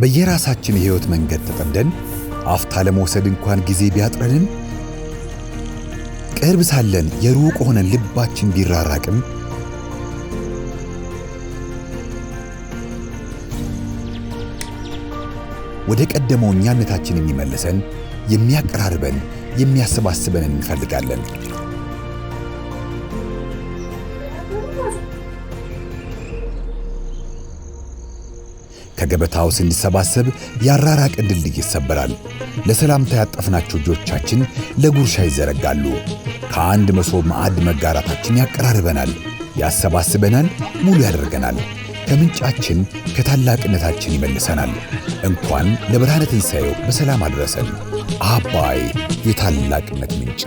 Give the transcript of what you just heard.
በየራሳችን የሕይወት መንገድ ተጠምደን አፍታ ለመውሰድ እንኳን ጊዜ ቢያጥረንም ቅርብ ሳለን የሩቅ ሆነን ልባችን ቢራራቅም ወደ ቀደመው እኛነታችን የሚመልሰን የሚያቀራርበን የሚያሰባስበን እንፈልጋለን። ከገበታው ስንሰባሰብ ያራራቀን ድልድይ ይሰበራል። ለሰላምታ ያጠፍናቸው እጆቻችን ለጉርሻ ይዘረጋሉ። ከአንድ መሶብ ማዕድ መጋራታችን ያቀራርበናል፣ ያሰባስበናል፣ ሙሉ ያደርገናል። ከምንጫችን ከታላቅነታችን ይመልሰናል። እንኳን ለብርሃነ ትንሣኤው በሰላም አድረሰን። አባይ የታላቅነት ምንጭ